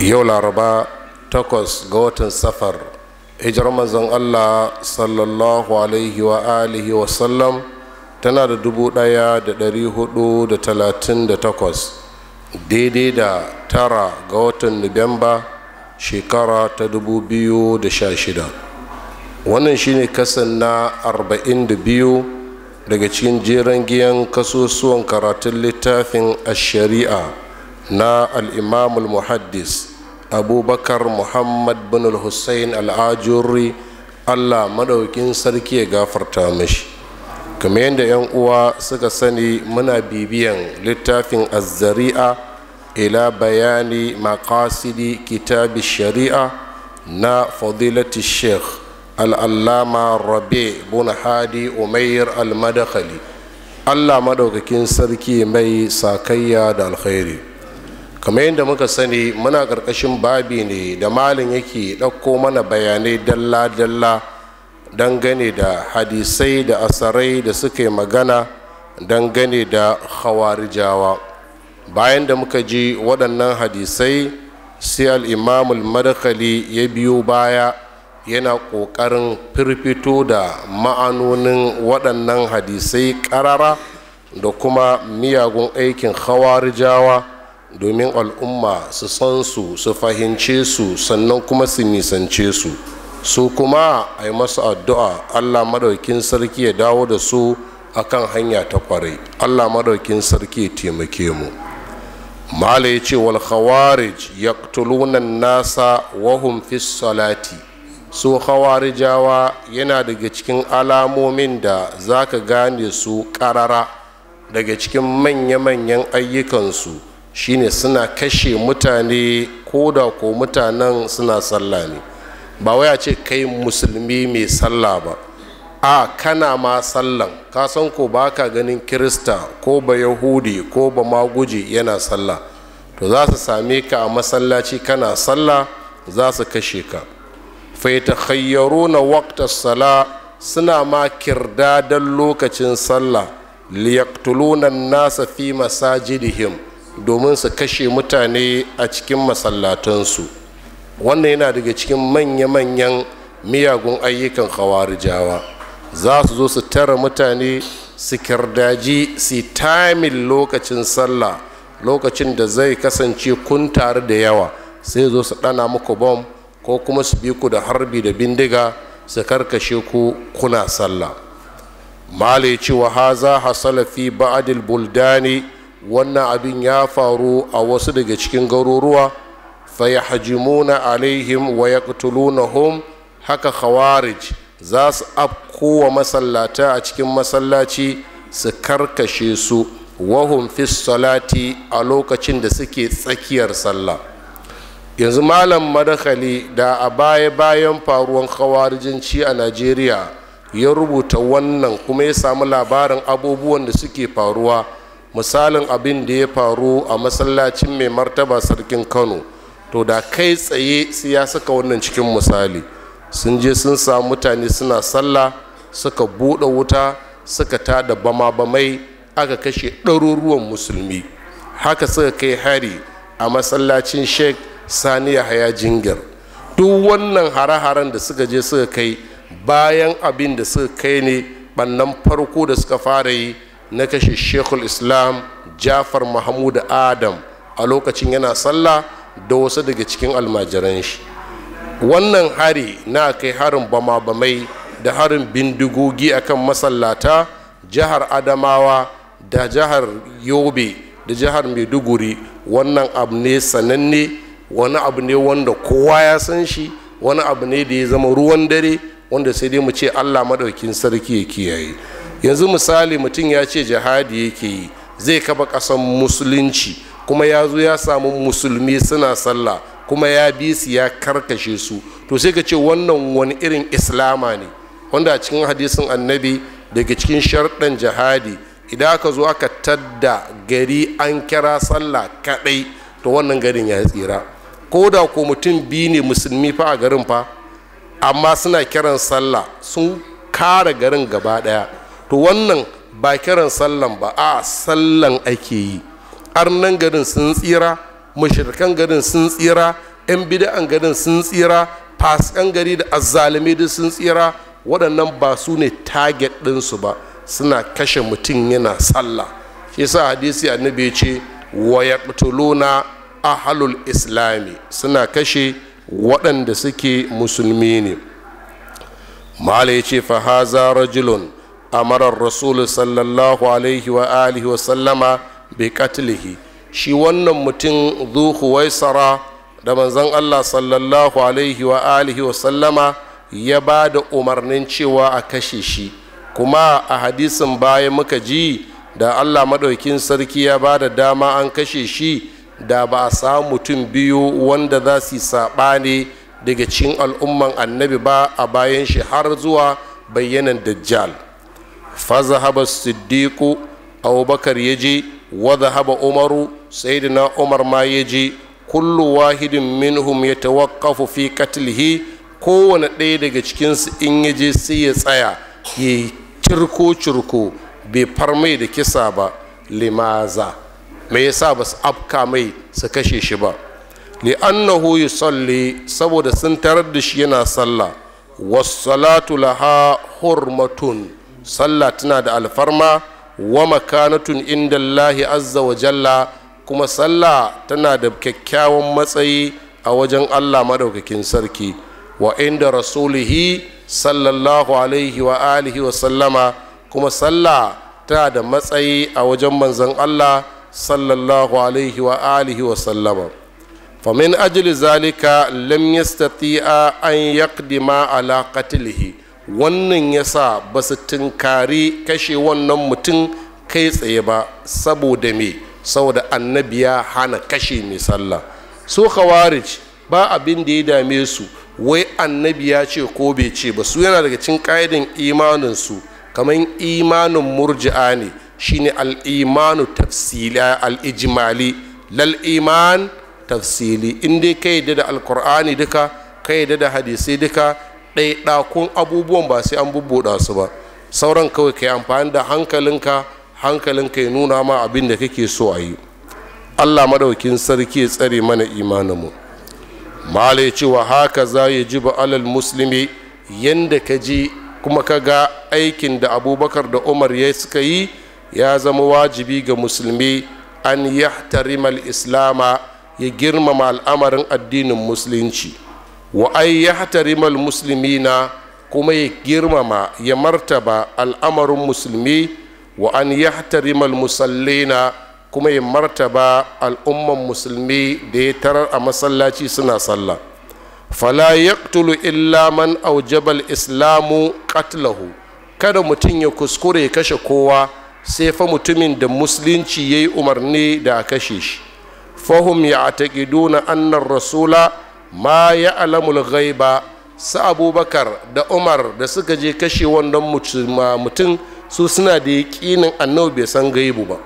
yau laraba takwas ga watan safar hijirar manzon allah sallallahu alaihi wa alihi wa sallam tana da dubu daya da dari hudu da talatin da takwas daidai da tara ga watan Nubemba shekara ta dubu biyu da sha shida wannan shine kasan na arba'in da biyu daga cikin jeren giyan kasusuwan karatun littafin a shari'a na al'imamul muhaddis abubakar muhammad bin hussein al'ajurri allah Madaukin sarki ya gafarta mashi kamar yadda 'yan uwa suka sani muna bibiyan littafin azzari'a ila bayani makasidi kitabi shari'a na fadilati sheikh al'allama rabe bin hadi umair al-madakhali allah maɗaukakin sarki mai sakayya da alkhairi kamar yadda muka sani muna ƙarƙashin babi ne da malin yake ɗauko mana bayanai dalla-dalla dangane da hadisai da asarai da suke magana dangane da hawarijawa bayan da muka ji waɗannan hadisai sai al'imamul madakali ya biyo baya yana ƙoƙarin firfito da ma'anonin waɗannan hadisai ƙarara da kuma miyagun aikin hawarijawa domin al'umma su san su su fahimce su sannan kuma su nisance su su kuma a yi masu addu'a allah madaukin sarki ya dawo da su a kan hanya ta kwarai allah madaukin sarki ya taimake mu mala ya ce wal khawarij yaqtuluna nasa wahum fi salati su khawarijawa yana daga cikin alamomin da za ka gane su karara daga cikin manya-manyan ayyukansu shine suna kashe mutane ko da ko mutanen suna sallah ne ba waya ce kai musulmi mai sallah ba a kana ma sallan kasan ko ba ka ganin kirista ko ba yahudi ko ba maguji yana sallah to za su same ka a masallaci kana sallah za su kashe ka faita khayyaro na waktar sala suna ma kirdadan lokacin sallah liyaktulunan nasa fi masajidihim domin su kashe mutane a cikin masallatansu wannan yana daga cikin manya-manyan miyagun ayyukan khawarijawa za su zo su tara mutane su kirdaji su tamin lokacin sallah lokacin da zai kasance kun tare da yawa sai zo su ɗana muku bom ko kuma su bi ku da harbi da bindiga su karkashe ku kuna sallah malai cewa haza ha salafi ba'adil buldani wannan abin ya faru a wasu daga cikin garuruwa fayahjimuna alaihim wa hum haka khawarij za su wa masallata a cikin masallaci su karkashe su wahun fi salati a lokacin da suke tsakiyar sallah yanzu malam madakhali da a baya bayan faruwan khawarijinci a najeriya ya rubuta wannan kuma ya samu labarin abubuwan da suke faruwa misalin abin da ya faru a masallacin mai martaba sarkin kano to da kai tsaye su ya saka wannan cikin misali sun je sun samu mutane suna sallah suka buɗe wuta suka da bama-bamai aka kashe ɗaruruwan musulmi haka suka kai hari a masallacin sheikh sani yahaya jingir duk wannan hare-haren da suka je suka kai bayan abin da suka kai ne ɓannan farko da suka fara yi na kashe shekul islam jafar mahmud adam a lokacin yana sallah da wasu daga cikin almajiran shi wannan hari na kai harin bama-bamai da harin bindigogi akan masallata jihar adamawa da jihar yobe da jihar maiduguri wannan abu ne sananne wani abu ne wanda kowa ya san shi wani abu ne da ya zama ruwan dare wanda sai dai mu ce allah maɗaukin sarki ya kiyaye yanzu misali mutum ya ce jihadi yake yi zai kafa ƙasan musulunci kuma ya zo ya samu musulmi suna sallah kuma ya bi su ya karkashe su to sai ka ce wannan wani irin islama ne wanda a cikin hadisin annabi daga cikin sharɗan jihadi idan aka zo aka tadda gari an kira sallah kaɗai to wannan garin ya tsira ko da ko mutum bi ne musulmi fa a garin fa amma suna kiran sallah sun kare garin gaba ɗaya to wannan ba kiran sallan ba a sallan ake yi arnan garin sun tsira mashirkan garin sun tsira 'yan bida'an garin sun tsira fasikan gari da azzalumi duk sun tsira waɗannan ba su ne target ɗinsu ba suna kashe mutum yana sallah shi sa hadisi annabi ya ce wa na ahlul islami suna kashe waɗanda suke musulmi ne mala ya ce fa haza rajulun Amarar rasulu sallallahu alaihi wa alihi wa sallama bi katlihi shi wannan mutum zuhu waisara da manzon Allah sallallahu alaihi wa alihi wa sallama ya ba da umarnin cewa a kashe shi kuma a hadisin baya muka ji da Allah maɗaukin sarki ya ba da dama an kashe shi da ba a samu mutum biyu wanda za su yi saɓane daga cikin al'umman annabi ba a bayan shi har zuwa bayyanan dajjal fa zahaba siddiqu abubakar ya je wa zahaba umaru sayyidina umar ma ya je kullu wahidin minhum ya tawaqqafu fi qatlihi kowane ɗaya daga cikinsu in ya je sai ya tsaya ya cirko cirko bai farmai da kisa ba limaza me yasa ba su afka mai su kashe shi ba li'annahu yusalli saboda sun tarar da shi yana sallah was salatu laha hurmatun sallah tana da alfarma wa makanatun inda Allahi azza wa jalla kuma sallah tana da kyakkyawan matsayi a wajen Allah maɗaukakin sarki wa inda rasulihi sallallahu alaihi wa alihi wa sallama kuma sallah tana da matsayi a wajen manzon Allah sallallahu alaihi wa alihi wa sallama فمن أجل ذلك لم يستطيع أن يقدم على قتله wannan ya sa ba su tunkari kashe wannan mutum kai tsaye ba saboda me saboda annabiya hana kashe mai sallah su khawarij ba abin da ya dame su wai annabi ya ce ko bai ce ba su yana daga cikin ƙa'idin imanin su kamar imanin murji'a ne shine al-imanu tafsili al-ijmali lal iman tafsili in dai ka yi da alkur'ani duka ka yi da hadisai duka ɗakun abubuwan ba sai an bubbuɗa su ba sauran kawai ka yi amfani da hankalinka hankalinka ya nuna ma abin da kake so a yi allah maɗaukin sarki ya tsare mana imaninmu mala ya ce wa haka za ya ji ba alal musulmi yadda ka ji kuma ka ga aikin da abubakar da umar ya suka yi ya zama wajibi ga musulmi an yahtarimal islama ya girmama al'amarin addinin musulunci wa ay musulmi na kuma ya girmama ya martaba al'amarin musulmi wa an musalli na kuma ya martaba al'umman musulmi da ya tarar a masallaci suna sallah fala yaqtulu illa man aujabal islamu qatlahu kada mutum ya kuskure ya kashe kowa sai fa mutumin da musulunci yayi umarni da a kashe shi fahum ya annan rasula ma ya alamul ghaiba su abubakar da umar da suka je kashe wannan mutum su suna da yaƙinin annabi bai san gaibu ba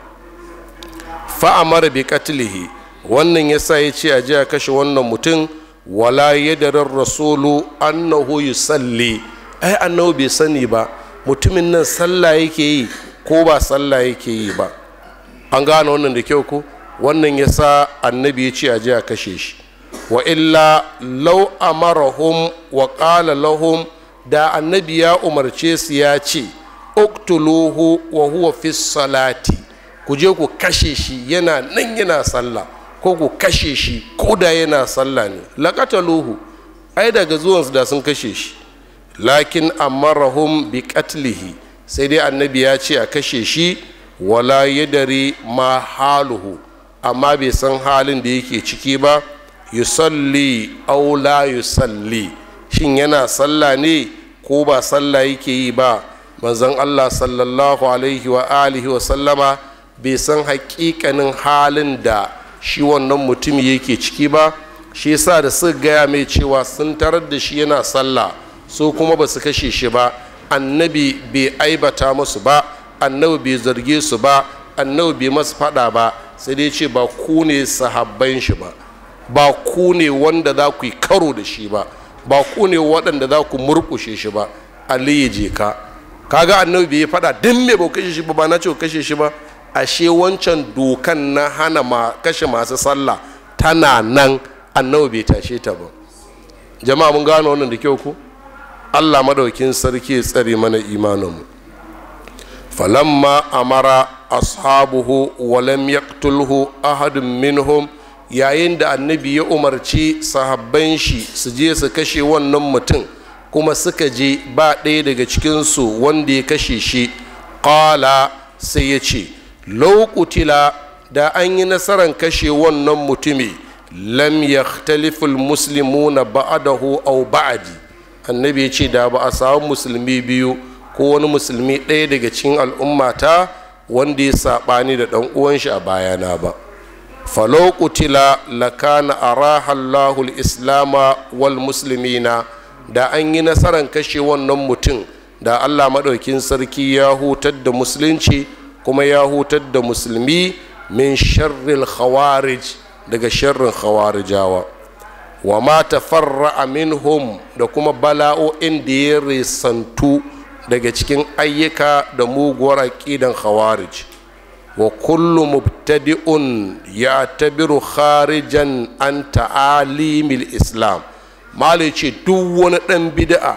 fa'amar bi katilihi wannan ya sa ya ce a ji a kashe wannan mutum wala yadarar rasulu annahu yusalli ai annabi bai sani ba mutumin nan sallah yake yi ko ba sallah yake yi ba an gane wannan da kyau ko wannan ya sa annabi ya ce a ji a kashe shi wa illa law amarahum wa qala lahum da annabi ya umarce su ya ce uktuluhu wa huwa fi salati ku je ku kashe shi yana nan yana sallah ko ku kashe shi ko da yana sallah ne laqataluhu ai daga zuwansu da sun kashe shi lakin amarahum bi qatlihi sai dai annabi ya ce a kashe shi wala dare ma haluhu amma bai san halin da yake ciki ba yusalli aw la yusalli shin yana sallah ne ko ba sallah yake yi ba manzon Allah sallallahu alaihi wa alihi wa sallama bai san hakikanin halin da shi wannan mutum yake ciki ba shi yasa da suka gaya mai cewa sun tarar da shi yana sallah su kuma ba su kashe shi ba annabi bai aibata musu ba annabi bai zarge su ba annabi bai masu fada ba sai dai ce ba ku ne sahabban shi ba ba ku ne wanda za ku yi karo da shi ba ba ku ne waɗanda za ku murƙushe shi ba ali ya je ka kaga annabi bai faɗa din me ba kashe shi ba ba na ce kashe shi ba ashe wancan dokan na hana ma kashe masu sallah tana nan annabi bai tashe ta ba jama'a mun gano wannan da kyau ko allah madaukin sarki ya tsare mana mu falamma amara ashabuhu walam yaqtulhu ahadun minhum yayin da annabi ya umarci sahabban shi su je su kashe wannan mutum kuma suka je ba ɗaya daga cikinsu wanda ya kashe shi ƙala sai ya ce laukutila da an yi nasarar kashe wannan mutumi lam yakhtaliful na ba'adahu au ba'adi annabi ya ce da ba a samu musulmi biyu ko wani musulmi ɗaya daga cikin al'ummata wanda ya saɓani da ɗan uwan shi a bayana ba falau kutila lakana arahallahul islama wal muslimina da an yi nasarar kashe wannan mutum da allah maɗaukin sarki ya hutar da musulunci kuma ya hutar da musulmi min sharrin khawarij daga sharrin khawarijawa wa farra Amin Hum da kuma bala'o'in da ya risantu daga cikin ayyuka da muguwar aƙidan khawarij wa kullu mubtadi'un ya tabiru kharijan an ta'alimil islam malai ce duk wani ɗan bida'a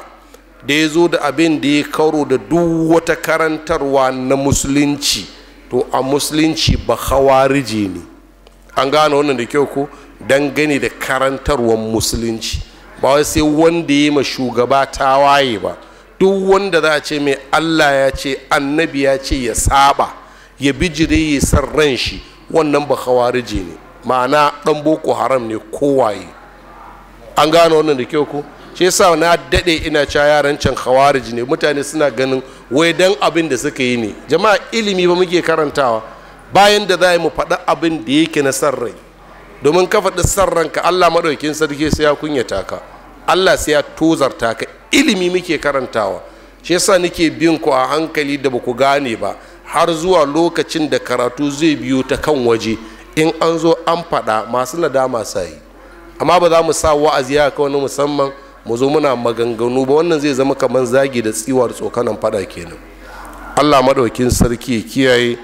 da ya zo da abin da ya karo da duk wata karantarwa na musulunci to a musulunci ba hawarije ne an gane wannan da kyau ko dangane da karantarwar musulunci ba wai sai wanda ya ma shugaba waye ba duk wanda za a ce mai allah ya ce annabi ya ce ya saba ya bijire ya san ran shi wannan ba khawariji ne ma'ana dan boko haram ne kowaye an gano wannan da kyau ko shi yasa na dade ina ca yaran can khawariji ne mutane suna ganin wai dan abin da suka yi ne jama'a ilimi ba muke karantawa bayan da za mu faɗa abin da yake na san rai domin ka faɗi san ranka Allah madaukin sarki sai ya kunyata ka Allah sai ya tozarta ka ilimi muke karantawa shi yasa nake bin ku a hankali da ba ku gane ba har zuwa lokacin da karatu zai biyo ta kan waje in an zo an faɗa masu nadama sa amma ba za mu sa wa'azi ya ka wani musamman mu zo muna maganganu ba wannan zai zama kamar zagi da tsiwar tsokanan faɗa kenan allah maɗaukin sarki kiyaye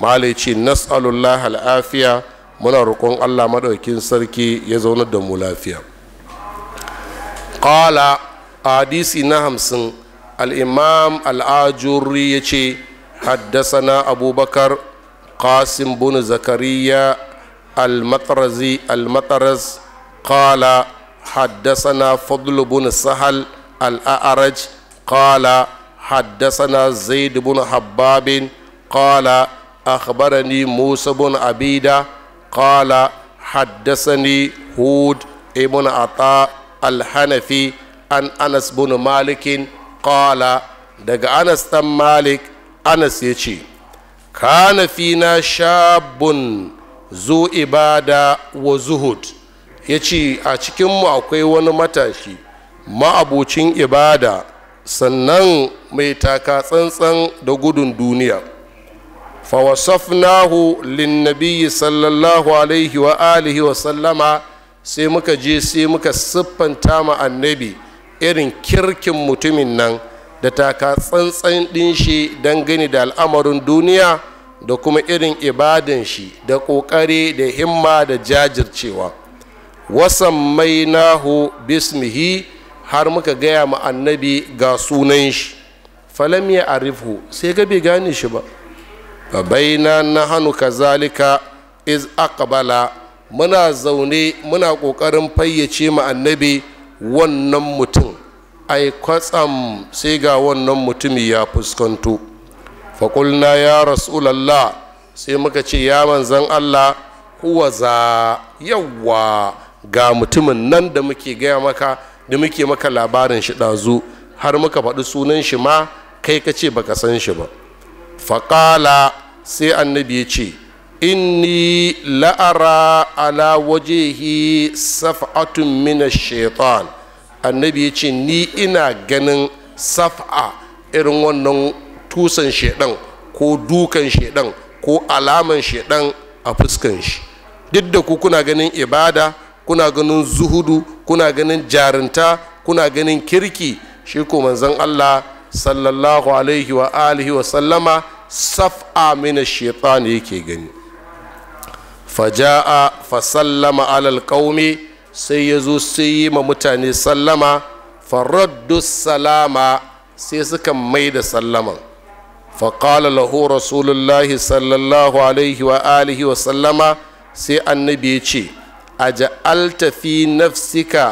malai nas'alullah al'afiya muna roƙon allah maɗaukin sarki ya zaunar da mu lafiya qala hadisi na hamsin al al'ajuri ya ce حدثنا أبو بكر قاسم بن زكريا المطرزي المطرز قال حدثنا فضل بن سهل الأعرج قال حدثنا زيد بن حباب قال أخبرني موسى بن عبيدة قال حدثني هود ابن عطاء الحنفي عن أنس بن مالك قال دق أنس مالك anas ya ce kana fina shabun zo ibada wa zuhud ya ce a cikinmu akwai wani matashi ma'abucin ibada sannan mai taka tsantsan da gudun duniya fawasafnahu linnabiyyi sallallahu alaihi wa alihi wa sallama sai muka je sai muka siffanta ma annabi irin kirkin mutumin nan da taka tsantsan ɗin shi gani da al'amarin duniya da kuma irin ibadan shi da ƙoƙari da himma da jajircewa wasan mai nahu bismihi har muka gaya ma annabi ga sunan shi falam ya arifu sai ga bai gane shi ba fa na hannu kazalika iz aqbala muna zaune muna ƙoƙarin fayyace ma annabi wannan mutum ai kwatsam sai ga wannan mutumi ya fuskanto faƙulna ya rasulallah sai muka ce ya manzan allah huwa yawwa ga mutumin nan da muke gaya maka da muke maka labarin shi ɗazu har muka faɗi sunan shi ma kai ka ce baka san shi ba faƙala sai annabi ya ce inni la'ara ala wajehi saf'atun mina shaitan annabi ya ce ni ina ganin saf'a irin wannan tusan shedan ko dukan shedan ko alaman shedan a fuskan shi duk da ku kuna ganin ibada kuna ganin zuhudu kuna ganin jarinta kuna ganin kirki shi ko manzon Allah sallallahu alaihi wa alihi wa sallama saf'a min shaitani yake gani faja'a fa sallama alal qaumi sai ya zo sai yi ma mutane sallama faraddu salama sai suka mai da sallaman faƙala lahu rasulullahi sallallahu alaihi wa alihi wa sallama sai annabi ya ce a ja'alta fi nafsika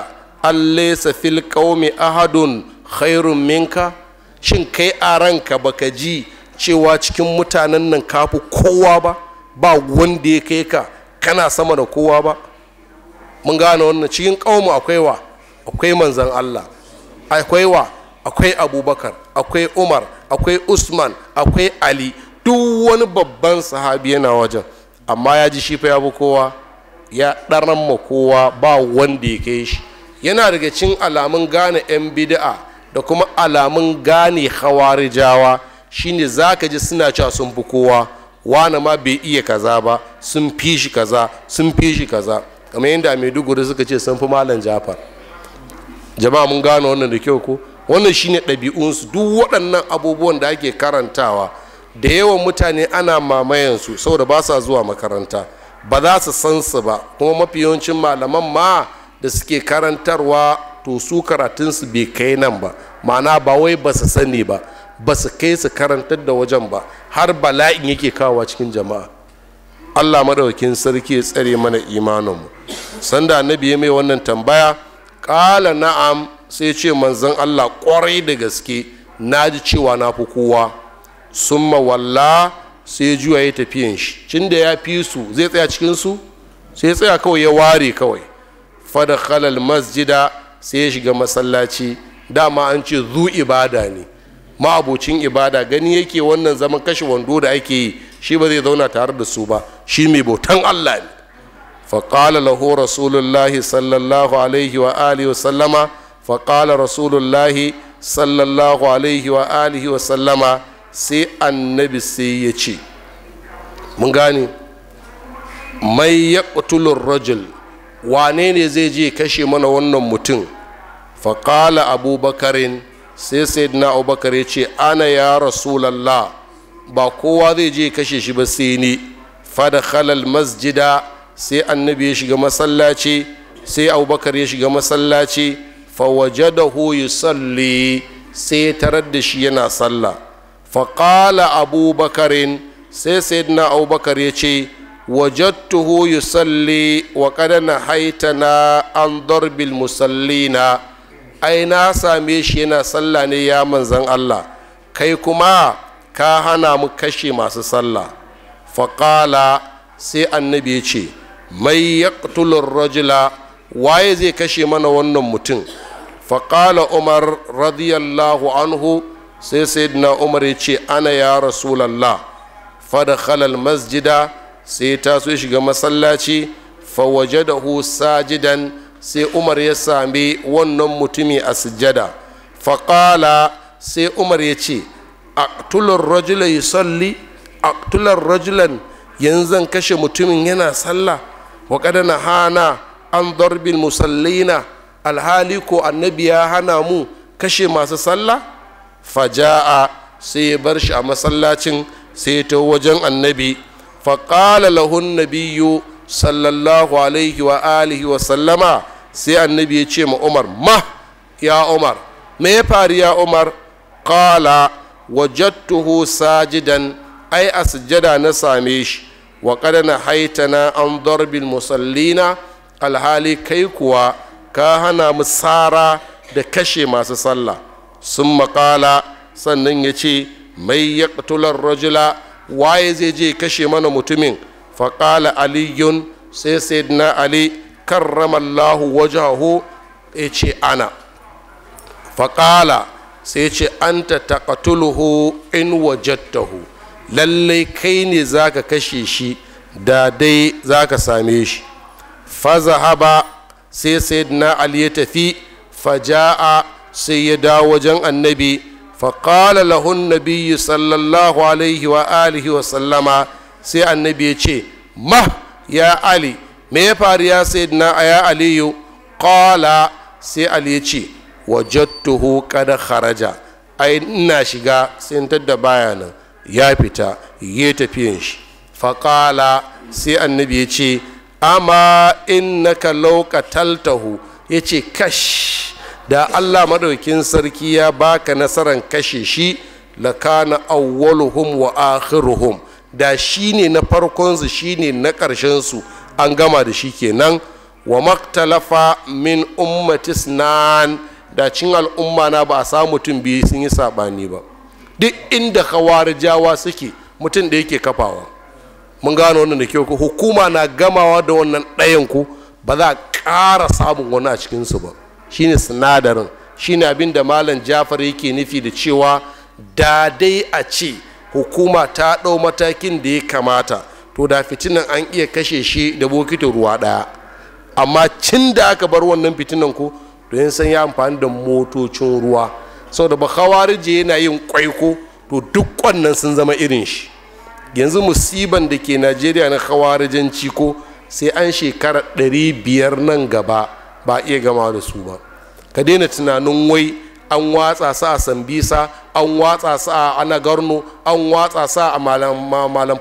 allesa fil qaumi ahadun khairun minka shin kai a ranka baka ji cewa cikin mutanen nan kafi kowa ba ba wanda ya kai ka kana sama da kowa ba mun gane wannan cikin ƙaumu akwai wa akwai manzan Allah akwai wa akwai abubakar akwai umar akwai usman akwai ali duk wani babban sahabi yana wajen amma ya ji shi fa ya bi kowa ya ɗaran ma kowa ba wanda ya kai shi yana daga cin alamun gane 'yan bida'a da kuma alamun gane hawarijawa shine za ka ji suna cewa sun fi kowa wane ma bai iya kaza ba sun fi shi kaza sun fi shi kaza kamar yadda maiduguri suka ce sun fi malam jafar jama'a mun gano wannan da kyau ko wannan shine ɗabi'unsu duk waɗannan abubuwan da ake karantawa da yawan mutane ana mamayansu saboda ba sa zuwa makaranta ba za su san su ba kuma mafi yawancin malaman ma da suke karantarwa to su karatunsu bai kai nan ba ma'ana ba wai ba su sani ba ba su kai su karantar da wajen ba har bala'in yake kawo cikin jama'a allah maɗaukin sarki ya tsare mana imaninmu sanda annabi ya mai wannan tambaya ƙala na'am sai ce manzon allah ƙwarai da gaske na ji cewa na fi kowa summa walla sai juya ya tafiyan shi cin da ya fi su zai tsaya cikinsu sai ya tsaya kawai ya ware kawai fada khalal masjida sai ya shiga masallaci dama an ce zu ibada ne ma'abocin ibada gani yake wannan zaman kashe wando da ake yi shi ba zai zauna tare da su ba shi mai bautan allah ne faƙala lahu rasulullahi sallallahu alaihi wa alihi wa sallama faƙala rasulullahi sallallahu alaihi wa alihi wa sallama sai annabi sai ya ce mun gane mai ya rajul wane ne zai je kashe mana wannan mutum faƙala abubakarin sai sayyidina abubakar ya ce ana ya rasulallah ba kowa zai je kashe shi ba sai ni fada khalal masjida sai annabi ya shiga masallaci sai abubakar ya shiga masallaci fawajadahu salli sai tarar da shi yana sallah faƙala abubakarin sai sayyidina abubakar ya ce wajadtuhu salli wa na haitana an darbil musallina ai na same shi yana sallah ne ya manzan Allah kai kuma ka hana mu kashe masu sallah faƙala sai annabi ya ce mai yaqtulur rajila waye zai kashe mana wannan mutum faƙala umar radiyallahu anhu sai sayyidina umar ya ce ana ya rasulallah fada halal masjida sai ta so shiga masallaci fawajadahu sajidan sai umar ya sami wannan mutumi a sujjada faƙala sai umar ya ce aqtulur rajula yusalli aqtular rajulan yanzu kashe mutumin yana sallah wa qad hana an darbil musallina alhali ko annabi ya hana mu kashe masu sallah faja'a sai ya bar shi a masallacin sai ta wajen annabi faƙala lahun nabiyu sallallahu alaihi wa alihi wa sallama sai annabi ya ce ma umar ma ya umar me ya faru ya umar ƙala wajattuhu sajidan ai a sujjada na same shi wa na haitana an darbil musallina alhali kai kuwa ka hana mu tsara da kashe masu sallah sun makala sannan ya ce mai ya rajula waye zai je kashe mana mutumin faƙala aliyun sai sayyidina ali karramallahu wajaho ya ce ana faƙala sai ce an ta taƙatuluhu in wajattahu lallai kai ne za ka kashe shi da dai za ka same shi fazahaba sai sayyidina ali ya tafi faja'a sai ya dawo wajen annabi faƙala lahun nabiyyu sallallahu alaihi wa alihi wa sallama sai annabi ya ce ma ya ali me ya faru ya sayyidina ya aliyu ƙala sai ali ya ce wajattuhu kada kharaja ai ina shiga sai tadda bayanan ya fita ya yin shi faƙala sai annabi ya ce amma innaka lauƙataltahu ya ce kash da allah maɗaukin sarki ya baka nasarar kashe shi lakana awwaluhum wa akhiruhum da shine na farkon farkonsu shine na karshen su an gama da shi kenan wa maktalafa min ummatis nan da cin al'umma na ba a samu mutum biyu sun yi saɓani ba duk inda jawa suke mutum da yake kafawa mun gano wannan da kyau hukuma na gamawa da wannan ɗayan ku ba za a ƙara samun wani a cikinsu ba shine sinadarin shine abin da malam jafar yake nufi da cewa da dai a ce hukuma ta ɗau matakin da ya kamata to da fitinan an iya kashe shi da bokitin ruwa ɗaya amma cin da aka bar wannan fitinan ko don san ya amfani da motocin ruwa saboda ba khawarije yana yin kwaiko to duk wannan sun zama irin shi yanzu musiban da ke najeriya na khawarijanci ko sai an shekara ɗari biyar nan gaba ba iya gama da su ba ka daina tunanin wai an watsa sa a sambisa an watsa sa a anagarno an watsa sa a malam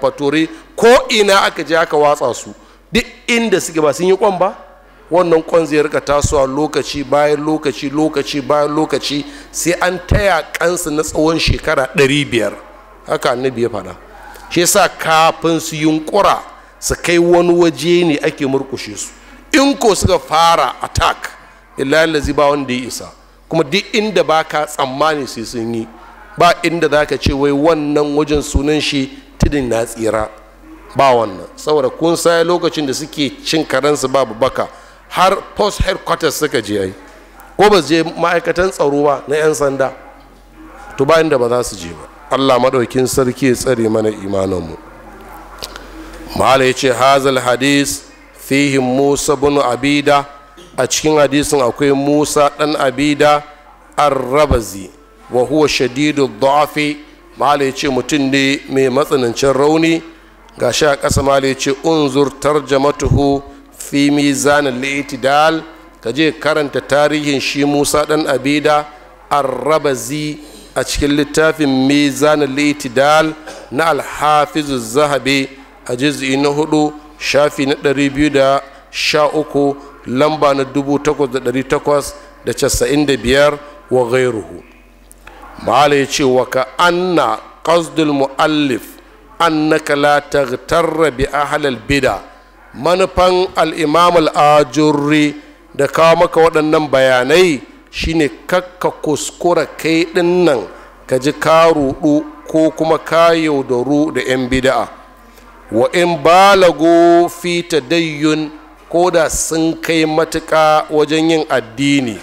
ko ina aka je aka watsa su duk inda suke ba sun yi kwan ba wannan kwan zai rika tasowa lokaci bayan lokaci lokaci bayan lokaci sai an taya kansu na tsawon shekara 500 haka annabi ya faɗa shi yasa kafin su yunkura su kai wani waje ne ake murkushe su in ko suka fara attack illahi ba wanda ya isa kuma duk inda baka tsammani sai sun yi ba inda za ka ce wai wannan wajen sunan shi tudin na tsira ba wannan saboda kun sai lokacin da suke cin karansu babu baka har post headquarters suka je ai ko ba je ma'aikatan tsaro ba na 'yan sanda to bayan da ba za su je ba allah maɗaukin sarki ya tsare mana imaninmu mu ya ce hazal hadis fihi musa bin abida a cikin hadisin akwai musa ɗan abida arrabazi wa huwa shadidu da'afi mala ya ce mutum ne mai matsanancin rauni gashi a ƙasa mala ya ce unzur tarjamatuhu fi mizanin li'itidal ka je karanta tarihin shi musa dan abida arrabazi a cikin littafin mizanin li'itidal na alhafizu zahabi a jiz'i na hudu shafi na ɗari biyu da sha uku lamba na dubu takwas da ɗari takwas da casa'in da biyar wa gairuhu ma'ala ya ce wa ka anna qasdul mu'allif annaka la taghtarra bi ahlal bid'a manufan al'imam al'ajurri da kawo maka waɗannan bayanai shine kakka kuskura kai ɗin nan ka ji ka ruɗu ko kuma ka yaudaru da 'yan bida'a wa in balago fita dayyun ko da sun kai matuƙa wajen yin addini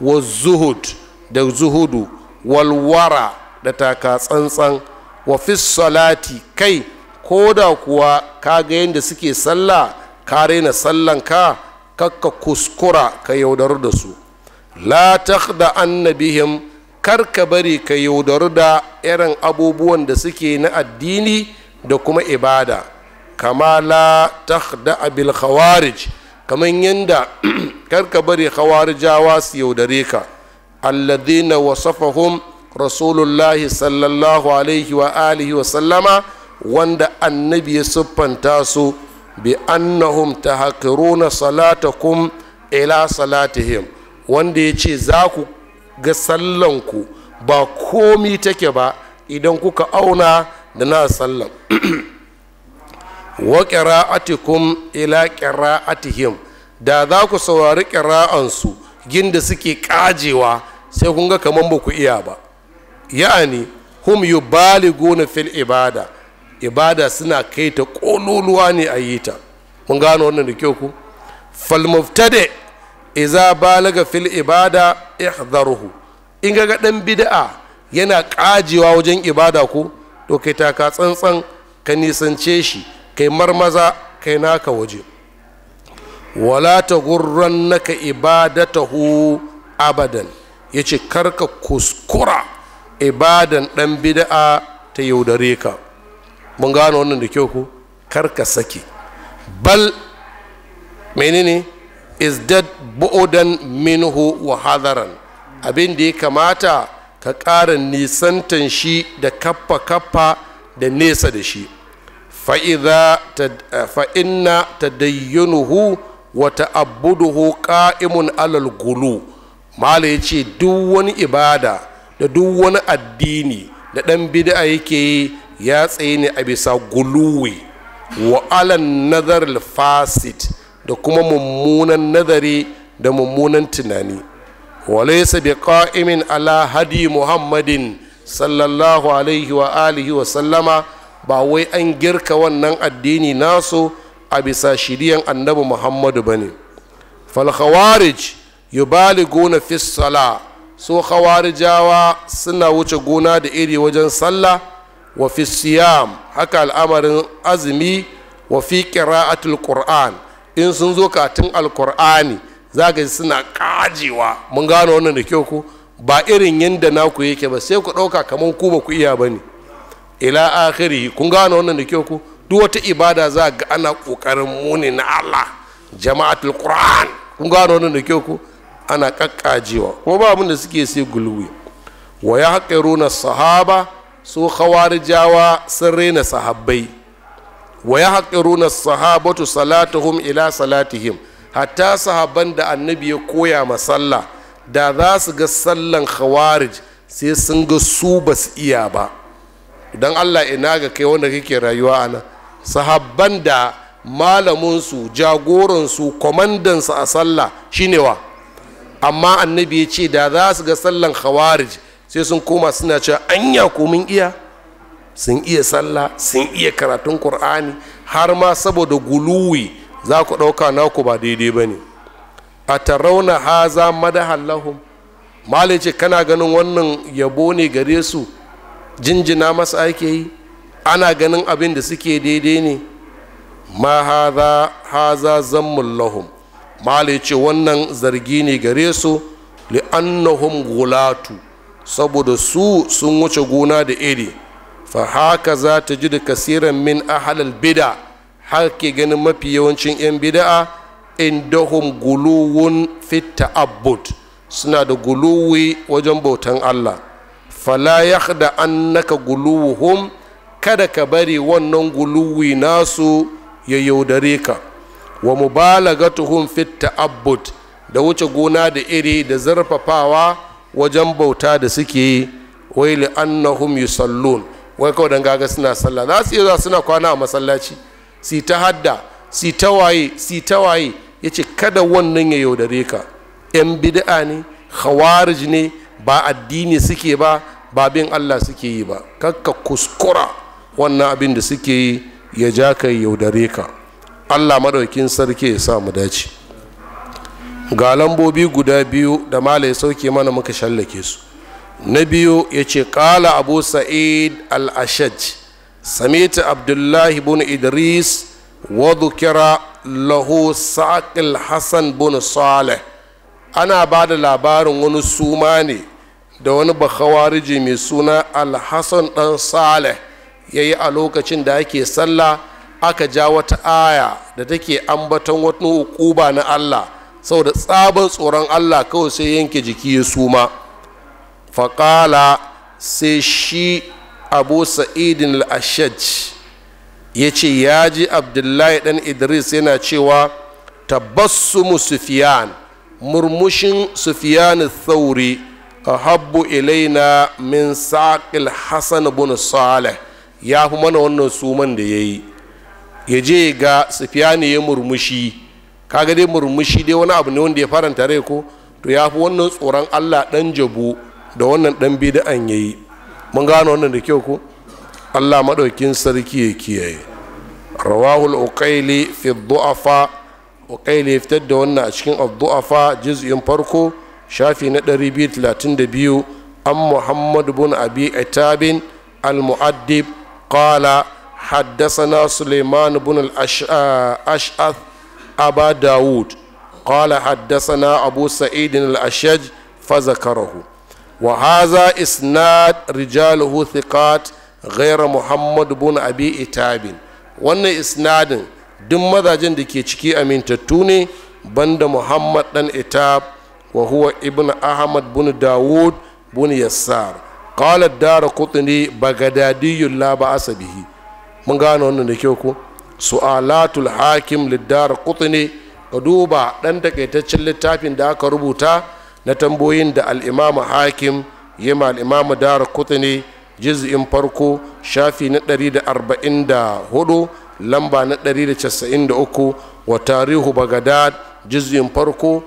wa zuhud da zuhudu walwara da taka tsantsan wa fi salati kai ko da kuwa ka ga yadda suke sallah ka raina sallan ka kakka kuskura ka yaudaru da su la da annabihim kar ka bari ka yaudaru da irin abubuwan da suke na addini da kuma ibada kama la da abil khawarij kamar yadda kar ka bari khawarijawa su yaudare ka alladhina wasafahum rasulullahi sallallahu alaihi wa alihi wa sallama wanda annabi ya siffanta su bi annahum tahqiruna salatakum ila salatihim wanda ya ce za ku ga sallanku ba komi take ba idan kuka auna da na sallan wa qira'atikum ila qira'atihim da za ku saurari ƙira'ansu ginda suke kajewa sai kun ga kamar ba ku iya ba ya'ani hum yubaliguna fil ibada ibada suna kai ta ƙololuwa ne a yi ta mun gano wannan da kyau ku falmuftade iza balaga fil ibada ihdaruhu in ga dan bid'a yana kajewa wajen ibada ko to kai ka tsantsan ka nisance shi kai marmaza kai naka waje wala ta naka ibadatahu abadan yace karka kuskura ibadan dan bid'a ta yaudare ka mun gano wannan da kyau ku kar ka sake bal menene dead bu'udan minhu wa hadaran abin da ya kamata ka ƙara nisantan shi da kaffa kaffa da nesa da shi fa'inna ta dayyunuhu wa ta'abbuduhu ƙa'imun alal gulu mala ya ce duk wani ibada da duk wani addini da ɗan bida yake yi ya tsaye ne a bisa guluwi wa alan nazar fasid da kuma mummunan nazari da mummunan tunani walaisa bi qa'imin ala hadi muhammadin sallallahu alaihi wa alihi wa sallama ba wai an girka wannan addini nasu a bisa shiriyan annabi muhammadu bane fal khawarij yubaliguna fi salah su khawarijawa suna wuce gona da iri wajen sallah wa fi siyam haka al'amarin azumi wa fi qira'atul qur'an in sun zo katin alqur'ani za ka suna kajewa mun gano wannan da kyau ku ba irin yadda naku yake ba sai ku ɗauka kamar ku ba ku iya ba ila akhiri kun gano wannan da kyau ku duk wata ibada za ga ana ƙoƙarin muni na allah jama'atul qur'an kun gano wannan da kyau ku ana kakkajewa kuma ba abin da suke sai gulwi wa ya sahaba su khawarijawa sun raina sahabbai wa ya haƙiruna sahabatu salatuhum ila salatihim hatta sahabban da annabi ya koya ma sallah da za su ga sallan khawarij sai sun ga su ba su iya ba idan allah ina ga kai wanda kake rayuwa ana sahabban da malaminsu jagoransu kwamandansu a sallah shine wa amma annabi ya ce da za su ga sallan khawarij sai sun koma suna cewa anya ya komin iya sun iya sallah sun iya karatun qur'ani har ma saboda guluwi za ku ɗauka naku ba daidai ba ne a tarauna haza madahan lahum malai ce kana ganin wannan yabo ne gare su jinjina masa ake yi ana ganin abin da suke daidai ne ma haza haza zammun lahum malai ce wannan zargi ne gare su li'annahum gulatu saboda su sun wuce gona da iri fa haka za ta ji da kasiran min ahalal bida har ke ganin mafi yawancin 'yan bida'a indahum guluwun fit ta'abbud suna da guluwi wajen bautan Allah fala da annaka guluwuhum kada ka bari wannan guluwi nasu ya yaudare ka wa mubalagatuhum fit ta'abbud da wuce gona da iri da zarfafawa wajen bauta da suke yi wai li annahum yusallun wai kawai dan gaga suna sallah za su iya suna kwana a masallaci si ta hadda si ta waye si ta waye yace kada wannan ya yaudare ka yan bid'a ne khawarij ne ba addini suke ba ba bin Allah suke yi ba kakka kuskura wannan abin da suke yi ya ja kai yaudare ka Allah madaukin sarki ya sa mu dace ga lambobi guda biyu da mala ya sauke mana muka shallake su na biyu ya ce ƙala abu sa'id al-ashaj samita abdullahi bin idris wa dhukira lahu hasan bin saleh ana ba da labarin wani suma ne da wani bakawariji mai suna alhassan dan saleh ya yi a lokacin da ake sallah aka ja wata aya da take ambaton wata hukuba na allah saboda tsabar tsoron allah kawai sai yanke jiki ya suma faƙala sai shi abu sa'idin al'ashaj ya ce ya ji abdullahi ɗan idris yana cewa tabassumu sufiyan murmushin sufiyan thauri a habbu ilaina min saƙil hassan bin saleh ya fi mana wannan suman da ya yi ya je ga sufiyani ya murmushi kaga dai murmushi dai wani abu ne wanda ya faranta rai ko to ya fi wannan tsoron allah dan jabu da wannan dan da ya yi mun gano wannan da kyau ko allah maɗaukin sarki ya kiyaye rawahul uqaili fi du'afa uqaili fitar da wannan a cikin du'afa juz'in farko shafi na 232 an muhammad bin abi atabin al-mu'addib qala حدثنا سليمان بن الأشعث aba dawud kala haddasa na abu sa'idin al-ashaj faza karahu wa ha za isna rijaluhu thikat gaira muhammadu bun abi itabin wannan isnadin dun mazajen da ke ciki amintattu ne banda muhammad dan itab wa ibn ahmad bun dawud bun yassar kala dara ne ba ga bagadadiyun laba asabihi mun gano wannan da kyau ku su'alatul hakim liddar kutni ka duba ɗan takaitaccen littafin da aka rubuta na tambayoyin da al'imamu hakim ya ma al'imamu dar kutni jiz'in farko shafi na 144 lamba na 193 wa tarihu bagadad jiz'in farko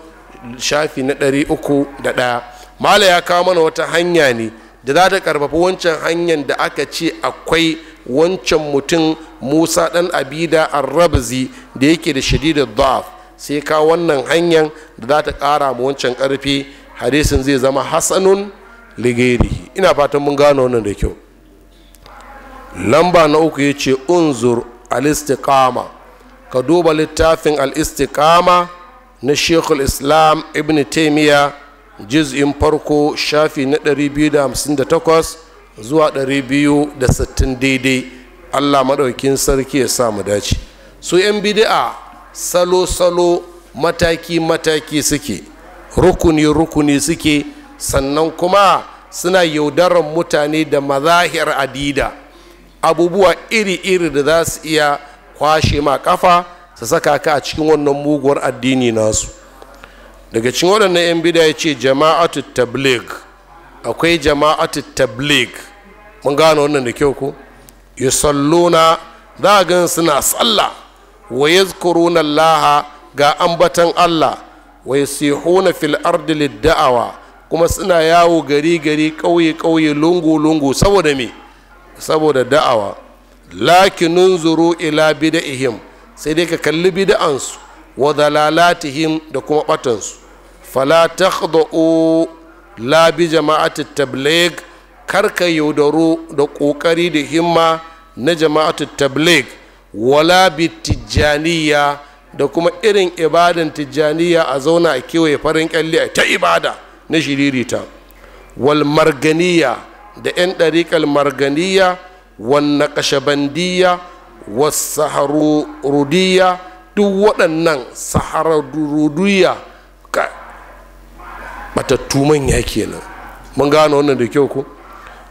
shafi na 301 mala ya kawo mana wata hanya ne da za ta karfafa wancan hanyar da aka ce akwai wancan mutum musa ɗan abida arrabzi da yake da shadidar da'af sai ka wannan hanyar da za ta kara mu wancan karfi hadisin zai zama hasanun ligairihi ina fatan mun gano wannan da kyau lamba na uku ya ce unzur al-istiqama ka duba littafin al-istiqama na shekul islam ibn taimiyya juz'in farko shafi na 258 zuwa 260 daidai allah maɗaukin sarki ya sa mu dace su 'yan bidi'a salo-salo mataki-mataki suke rukuni-rukuni suke sannan kuma suna yaudarar mutane da mazahir adida abubuwa iri-iri da za su iya kwashe ma kafa su saka ka a cikin wannan muguwar addini nasu daga cikin waɗannan 'yan bida ya ce jama'atu tabligh akwai jama'atu tabligh mun gano wannan da kyau ko yusalluna za gan suna sallah wa yadhkuruna Allah ga ambatan Allah wa yasihuna fil ardi lid-da'awa kuma suna yawo gari gari kauye kauye lungu lungu saboda me saboda da'awa lakinun zuru ila bida'ihim sai dai ka kalli bida'ansu wa dalalatihim da kuma batansu fala takhdu'u labi jama'atu tabligh ka yaudaro da ƙoƙari da himma na jama'atu tabligh wala bi tijjaniya da kuma irin ibadan tijjaniya a zauna a kewaye farin kyalle ta ibada na shiririta wal marganiya da 'yan ɗariƙar marganiya wa ƙashabandiya wasu duk waɗannan saharurudiyya Matattu manya kenan mun gano wannan da kyau ko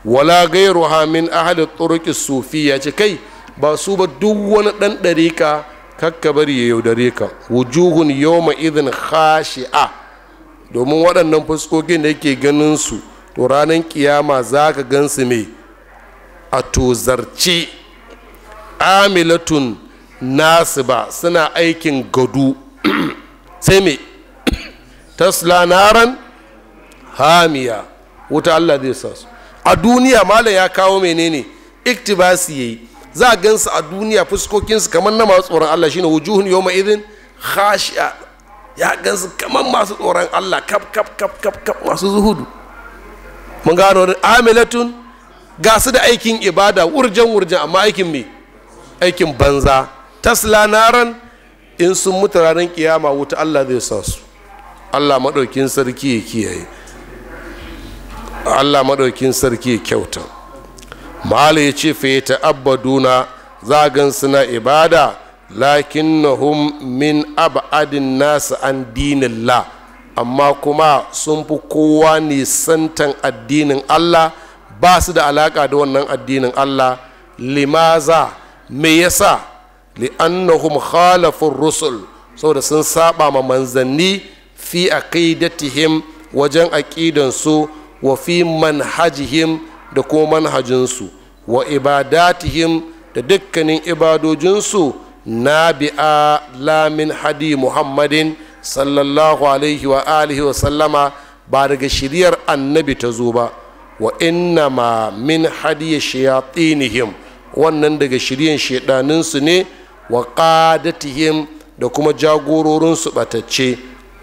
wala gairu hamin ahli turuki ya ce kai ba su ba duk wani dan ɗarika kakka bari ya yaudare ka wujuhun yawma idhin khashi'a domin waɗannan fuskokin da yake ganin su to ranar kiyama za ka gan su me a tozarci amilatun nasu ba suna aikin gadu sai me tasla naran hamiya wuta allah zai sa su a duniya malam ya kawo menene iktibasi yayi za a gansu a duniya fuskokinsu kamar na masu tsoron allah shine wujuhun yawma idin khashi'a ya gansu kamar masu tsoron allah kap kap kap kap kap masu zuhudu mun gano amilatun ga su da aikin ibada wurjan wurjan amma aikin me aikin banza tasla naran in sun mutu ranar kiyama wuta allah zai sa su allah maɗaukin sarki ya kiyaye allah maɗaukin sarki kyauta Malam yace ce fa ta'abbaduna za gan suna ibada lakinnahum min ab'adin nasu an dinillah amma kuma sun fi kowa nisantan addinin allah ba su da alaka da wannan addinin allah limaza me yasa annahum khalafur rusul saboda sun saba ma manzanni fi aqidatihim wajen aqidansu wa fi manhajihim da kuma manhajinsu wa ibadatihim da dukkanin ibadojinsu na bi'a lamin hadi muhammadin sallallahu alaihi wa alihi wa sallama ba daga shiriyar annabi ta zo ba wa inna ma min hadiya shayatinihim wannan daga shiryan shaidaninsu ne wa qadatihim da kuma jagororinsu batacce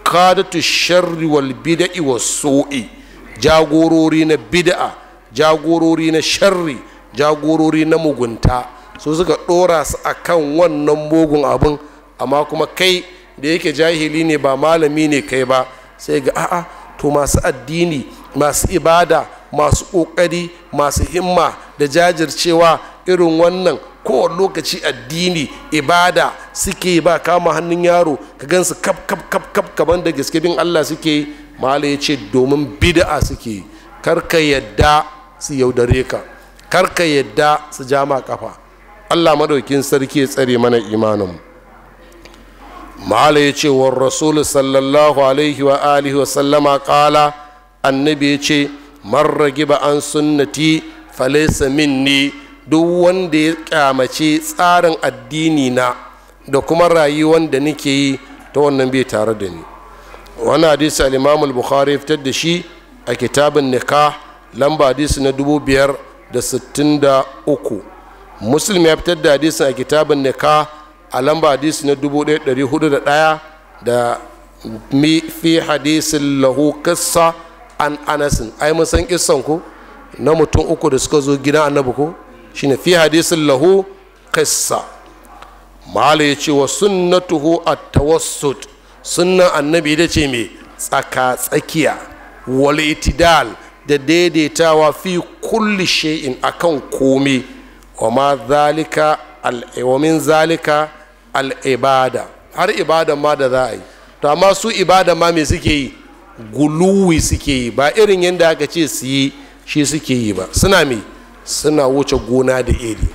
qadatu sharri wal bid'i was su'i jagorori na bid'a jagorori na sharri jagorori na mugunta su suka ɗora su a kan wannan mugun abin amma kuma kai da yake jahili ne ba malami ne kai ba sai ga a'a to masu addini masu ibada masu ƙoƙari masu himma da jajircewa irin wannan kowane lokaci addini ibada suke ba kama hannun yaro ka gansu su kaf kaf kaf kaban da gaske bin allah suke yi Malu ya ce domin bida'a suke karka yadda su yaudare ka karka yadda su jama kafa allah madaukin sarki ya tsare mana imanin mala ya ce wa rasul sallallahu alaihi wa alihi wa sallama kala annabi ya ce marragi ba an sunnati falaisa minni duk wanda ya kyamace tsarin addini na da kuma rayuwan da nake yi ta wannan bai tare da ni wani hadisi al-imam al-bukhari fitar da shi a kitabin Nika lamba hadisi na dubu biyar da sittin da uku muslim ya fitar da hadisin a kitabin Nika a lamba hadisi na dubu ɗaya ɗari hudu da ɗaya da mi fi hadisin lahu kissa an anasin ai mun san kissan ku na mutum uku da suka zo gidan annabi ko shine fi hadisin lahu kissa mahala ya ce wa sunnatuhu at tawassut sunnan annabi ita ce mai tsaka tsakiya wal itidal da daidaitawa fi kulli shay'in akan komai wa ma zalika min zalika al'ibada har ibada ma da za a yi to amma su ibada ma me suke yi guluwi suke yi ba irin yadda aka ce su yi shi suke yi ba suna me suna wuce gona da iri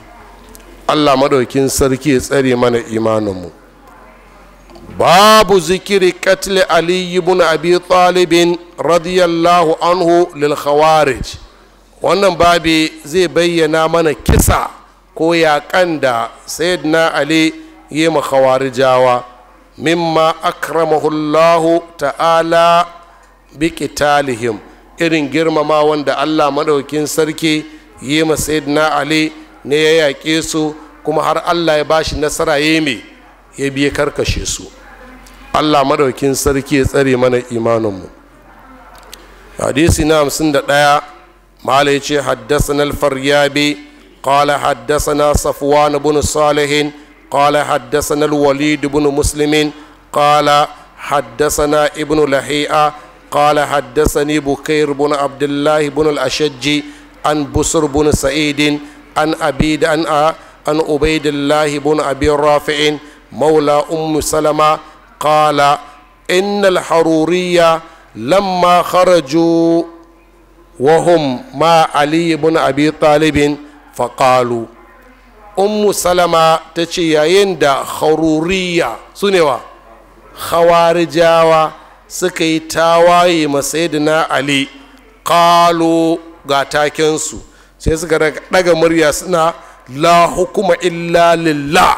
allah madaukin sarki ya tsare mana imaninmu babu zikiri katli ali ibn abi talibin radiyallahu anhu lil khawarij wannan babi zai bayyana mana kisa ko yaƙan da sayyidina ali yi ma khawarijawa mimma akramahullahu ta'ala bi qitalihim irin girmama wanda Allah madaukin sarki yi ma sayyidina ali ne ya yaƙe su kuma har Allah ya bashi nasara yi me ya biye karkashe su allah maraukin sarki ya tsare mana imaninmu hadisi na hamsin da ɗaya mala ya ce haddasan alfaryabi ƙala haddasana safuwan bin salihin ƙala haddasan alwalid bin muslimin ƙala haddasana ibn lahi'a ƙala ni bukair bin abdullahi bin al'ashajji an busur bin sa'idin an abid an a an ubaidillahi bin abin rafi'in maula ummu salama قال إن الحرورية لما خرجوا وهم مع علي بن أبي طالب فقالوا أم سلمة تشي عند خرورية سنوا خوارجاوة سكي تاواي مسيدنا علي قالوا غاتاكنسو كنسو suka daga murya suna لا حكم إلا لله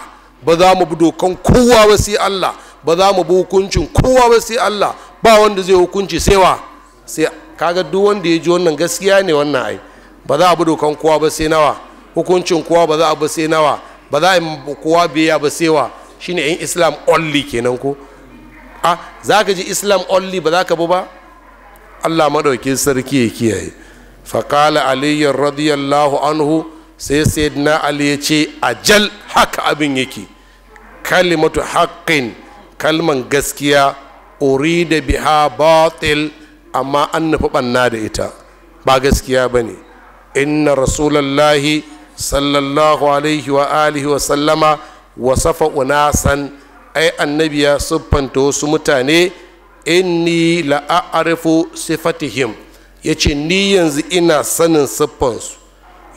ba مبدو كن قوة وسي الله ba za mu bi hukuncin kowa ba sai Allah ba wanda zai hukunci sai wa sai kaga duk wanda ya ji wannan gaskiya ne wannan ai ba za a bi dokan kowa ba sai nawa hukuncin kowa ba za a bi sai nawa ba za a yi kowa biya ba sai wa shine yan islam only kenan ko a ah, za ka ji islam only ba za ka bi ba allah madaukin sarki ya kiyaye faƙala aliyu radiyallahu anhu sai sayyidina ali ya ce ajal haka abin yake kalimatu haƙƙin kalman gaskiya da biha batil amma an nufi banna da ita ba gaskiya ba ne inna rasulallahi sallallahu alaihi wa alihi wa sallama wa wasafa unasan ai annabi ya siffanta wasu mutane inni la'arifu sifatihim ya ce ni yanzu ina sanin siffansu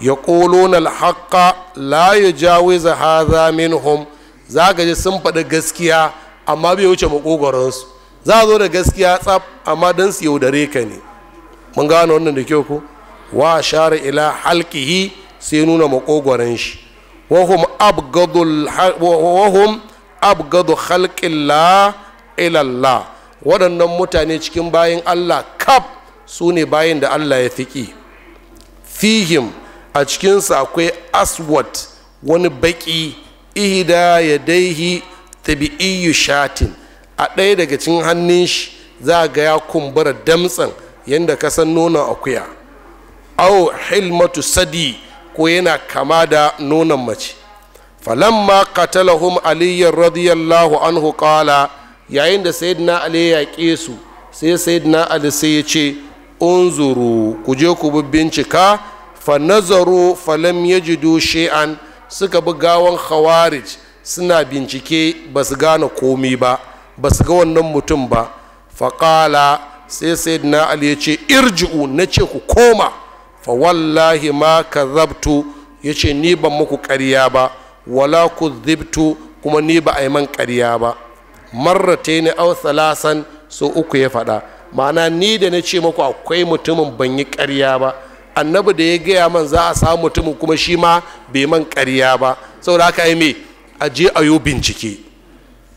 ya ƙolona alhaƙa la ya jawiza haza minhum za ka ji sun faɗi gaskiya amma bai wuce makogoransu za a zo da gaskiya tsaf amma don su yaudare ka ne mun gano wannan da kyau ko wa share ila halkihi sai nuna makogoran shi wahum abgadu la ilallah waɗannan mutane cikin bayan allah kaf su ne bayan da allah ya ƙi fihim a cikinsu akwai aswat wani baƙi ihida ya daihi ta bi iyu shatin a ɗaya daga cikin hannun shi za ga ya kumbura damtsan yadda ka san nonon akuya au hilmatu sadi ko yana kama da nonon mace falamma qatalahum aliyyar radiyallahu anhu qala yayin da sayyidina ali ya yaƙe su sai sayyidina ali sai ya ce unzuru ku je ku bincika fa nazaru falam yajidu shay'an suka bi gawan khawarij suna bincike ba su gane komi ba ba su ga wannan mutum ba faƙala sai na ali ya ce irji'u na ce ku koma fa wallahi ma zabtu ya ce ni ban muku ƙarya ba wala ku zibtu kuma ni ba a yi man ƙarya ba marrata ne au salasan so uku ya faɗa ma'ana ni da na ce muku akwai mutumin ban yi ƙarya ba annabi da ya gaya man za a samu mutumin kuma shi ma bai man ƙarya ba saboda haka yi me aje a yi bincike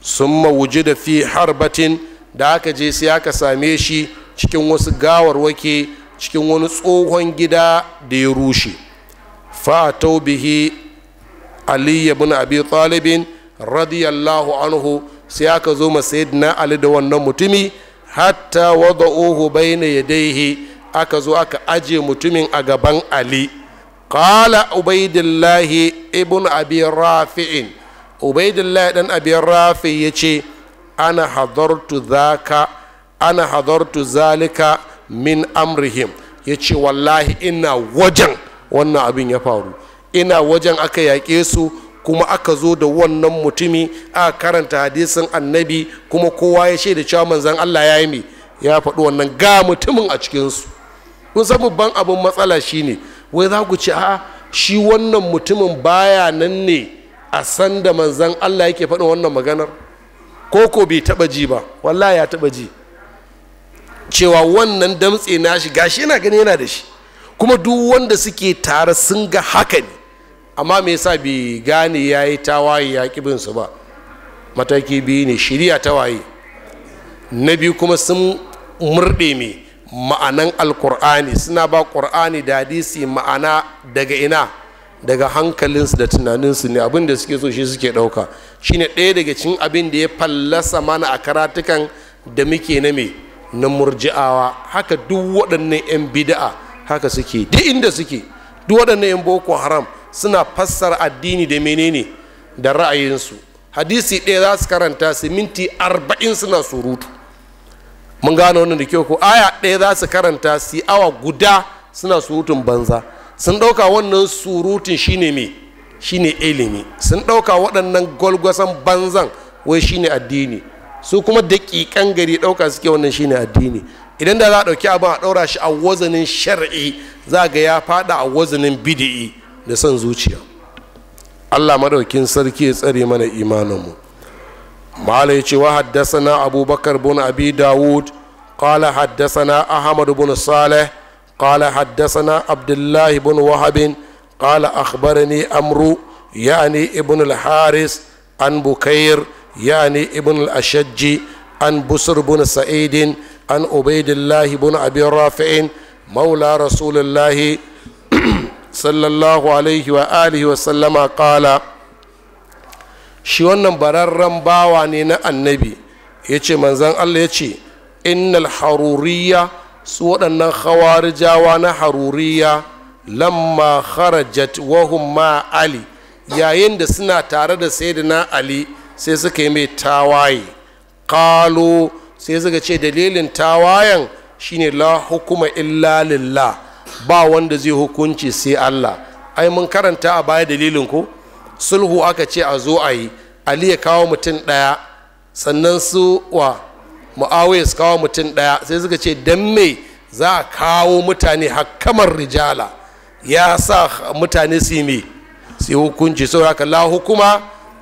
sun mawuji da fi harbatin da aka je sai aka same shi cikin wasu gawarwake cikin wani tsohon gida da ya rushe fatau bihi ali bin abi talibin radiyallahu anhu sai aka zo ma sayyidina ali da wannan mutumi hatta wadda na ya daihe aka zo aka ajiye mutumin a gaban ali kala ubaidillahi ibn abi rafi'in ubaidillahi dan abiyar rafi ya ce ana hadartu zaka ana hadartu zalika min amrihim ya ce wallahi ina wajen wannan abin ya faru ina wajen aka yaƙe su kuma aka zo da wannan mutumi a karanta hadisin annabi kuma kowa ya shaida cewa manzan allah ya yi ya faɗi wannan ga mutumin a cikinsu kun san babban abin matsala shine wai za ku ce a'a shi wannan mutumin baya nan ne a san da manzan allah yake faɗin wannan maganar ko ko bai taɓa ji ba wallahi ya taɓa ji cewa wannan damtse na shi gashi yana gani yana da shi kuma duk wanda suke tare sun ga haka ne amma me yasa bai gane ya yi tawaye ya kibin su ba mataki biyu ne shirya tawaye na biyu kuma sun murɗe me ma'anan alkur'ani suna ba ƙur'ani da hadisi ma'ana daga ina daga hankalinsu da tunaninsu ne abin da suke so shi suke ɗauka shine ɗaya daga cikin abin da ya fallasa mana a karatukan da muke na me na murji'awa haka duk waɗannan 'yan bida'a haka suke duk inda suke duk waɗannan 'yan boko haram suna fassar addini da menene da ra'ayinsu hadisi ɗaya za su karanta su minti arba'in suna surutu mun gano wannan da kyau ko aya ɗaya za su karanta su awa guda suna surutun banza sun ɗauka wannan surutun shine me shine ilimi sun ɗauka waɗannan gwalgwasan banzan wai shine addini su kuma daƙiƙan gari ɗauka suke wannan shine addini idan da za a ɗauki abin a ɗaura shi a wazanin shar'i za ga ya faɗa a wazanin bidi'i da son zuciya allah maɗaukin sarki ya tsare mana imaninmu mala cewa ce wa haddasa na abubakar bin abi dawud Haddasa na Ahmadu bin Saleh. قال حدثنا عبد الله بن وهب قال أخبرني أمرو يعني ابن الحارس عن بكير يعني ابن الأشج عن بسر بن سعيد عن عبيد الله بن أبي رافع مولى رسول الله صلى الله عليه وآله وسلم قال shi wannan bararren bawa ne na annabi ya ce manzan allah ya ce innal haruriya su waɗannan hawarijawa na haruriya lamma kharajat wahum ma ali yayin da suna tare da sayyidina ali sai suka yi mai tawaye kalo sai suka ce dalilin tawayen shine la hukuma illa lillah ba wanda zai hukunci sai Allah ai mun karanta a baya dalilin ko sulhu aka ce a zo a yi ali ya kawo mutum ɗaya sannan su wa mu'awiya su kawo mutum ɗaya sai suka ce don me za a kawo mutane hakamar rijala ya sa mutane su yi su yi hukunci sau haka la hukuma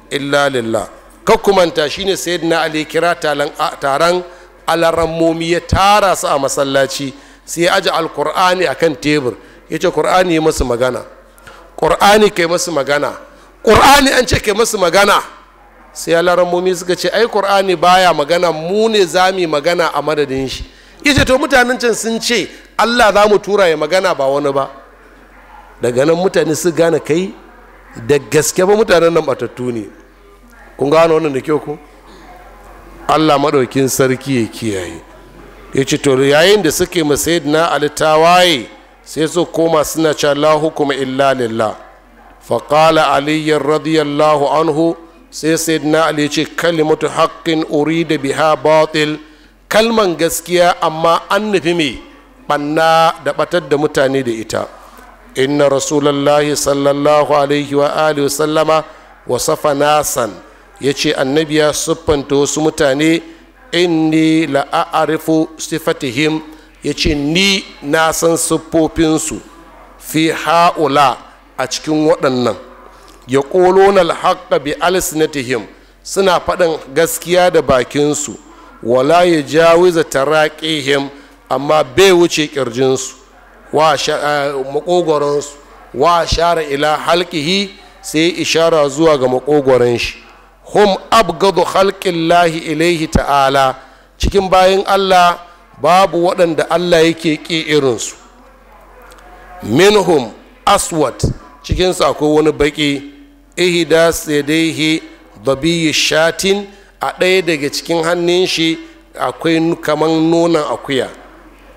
illa lillah kakkumanta shine sayyidina ali kira taron alarammomi ya tara su a masallaci sai ya aji alkur'ani a kan tebur ya ce ya masu magana ƙur'ani kai masu magana ƙur'ani an ce kai masu magana sai alarammomi suka ce ai qur'ani baya magana mu ne za magana a madadin shi yace to mutanen can sun ce allah za mu tura ya magana ba wani ba daga nan mutane su gane kai da gaske ba mutanen nan batattu ne kun gane wannan da kyau ko allah madaukin sarki ya kiyaye ya ce to yayin da suke masayid Ali tawaye sai su koma suna cewa la hukuma illa lillah faƙala aliyyar radiyallahu anhu sai sayyidina ali ce kalimatu uri da biha batil kalman gaskiya amma an nufi mai ɓanna da batar da mutane da ita inna rasulallahi sallallahu alaihi wa alihi sallama wasafa nasan ya ce annabi ya siffanta wasu mutane inni la'arifu sifatihim ya ce ni na san siffofinsu fi ha'ula a cikin waɗannan ya ƙolon alhaƙa bi alisnatihim suna faɗin gaskiya da bakinsu wala ya jawiza taraƙihim amma bai wuce ƙirjinsu wa maƙogoronsu wa shara ila halƙihi sai ishara zuwa ga maƙogoron shi hum abgadu halƙin lahi ilaihi ta'ala cikin bayan allah babu waɗanda allah yake ƙi irinsu minhum aswat cikinsu akwai wani baƙi ihda sadaihi dabiyi shatin a ɗaya daga cikin hannun shi akwai kaman nonon akuya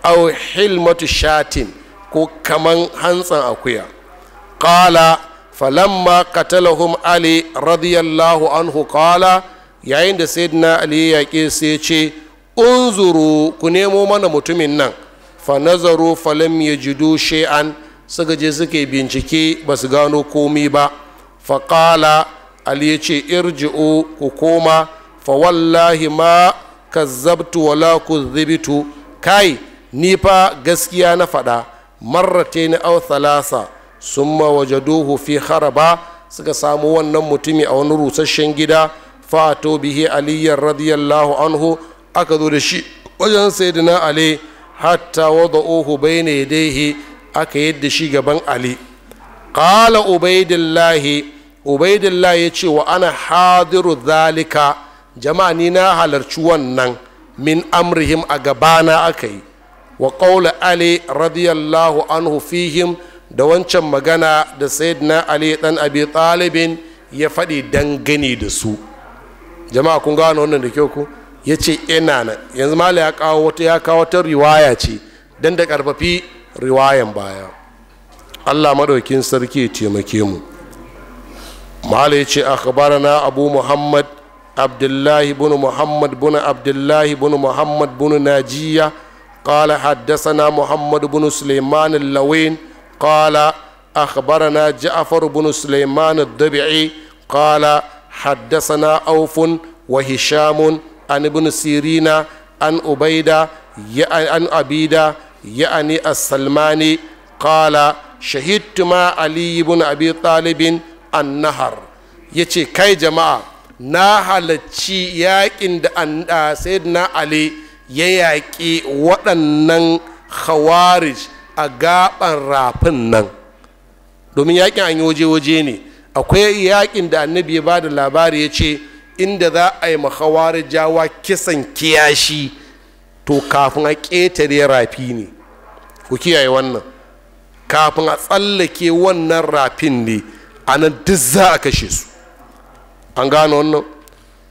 au hilmatu shatin ko kaman hantsan akuya qala falamma qatalahum ali radiyallahu anhu qala yayin da sayyidina ali ya yaƙe sai ce unzuru ku nemo mana mutumin nan fa nazaru falam yajidu shay'an suka je suka bincike ba su gano komi ba faƙala ali ya ce irji'u ku koma fa wallahi ma kazzabtu wala kuzibitu kai ni fa gaskiya na faɗa marrate ni au thalasa summa wajaduhu fi haraba suka samu wannan mutumi a wani rusasshen gida fa to bihi aliyyar radiyallahu anhu aka zo da shi wajen sayyidina ali hatta wada'uhu bayna yadayhi aka yadda shi gaban ali ƙala ubaidillahi ubaidillahi ya ce wa ana hadiru zalika jama'a ni na halarci wannan min amrihim a gabana aka yi wa ƙaula ali radiyallahu anhu fihim da wancan magana da sayyidina ali dan abi talibin ya faɗi dangane da su jama'a kun gano wannan da kyau ku ya ce ina na yanzu mala ya kawo wata ya kawo wata riwaya ce don da ƙarfafi riwayan baya allah maɗaukin sarki taimake mu mala ce akhbarana abu muhammad abdullahi bin muhammad bin abdullahi bin muhammad bin najiya qala haddasana muhammad bin suleiman lawin qala akhbarana ja'far bin suleiman dabi'i qala haddasana aufun wa hishamun an ibn sirina an ubaida ya an abida ya'ani as-salmani qala shahidtu ma ali ibn abi talibin an-nahar yace kai jama'a na halacci yaƙin da sayyidina ali ya yaƙi waɗannan khawarij a gaban rafin nan domin yaƙin an yi waje-waje ne akwai yaƙin da annabi ya ba da labari ya ce inda za a yi mahawar jawa kisan kiyashi to kafin a ƙetare rafi ne ku kiyaye wannan kafin a tsallake wannan rafin ne a nan duk za a kashe su an gano wannan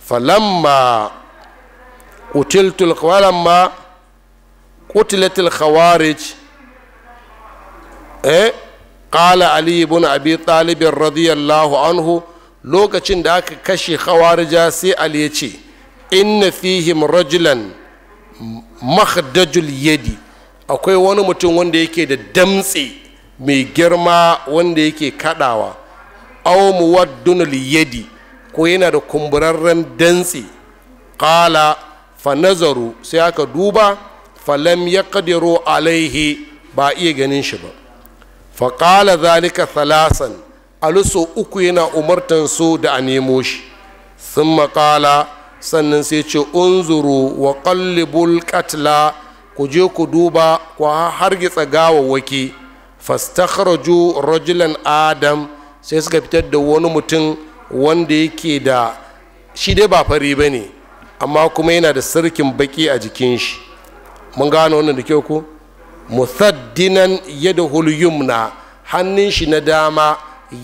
falamma kutiltul falamma kutiltul khawarij eh qala ali abi talib radiyallahu anhu lokacin da aka kashe khawarija sai ali ya ce inna fihim rajulan makhdajul yadi akwai wani mutum wanda yake da damtse mai girma wanda yake kadawa aw yadi ko yana da kumburarren dantse qala fa nazaru sai aka duba falam yaqdiru alaihi ba iya ganin shi ba fa qala zalika thalasan aluso uku yana umartan su da a nemo shi sun maƙala sannan sai ce unzuru wa kallibul katla ku je ku duba ku hargitsa gawawwaki fastakhraju rajulan adam sai suka fitar da wani mutum wanda yake da shi dai ba fari bane amma kuma yana da sarkin baki a jikin shi mun gano wannan da kyau ku musaddinan yadahul yumna hannun shi na dama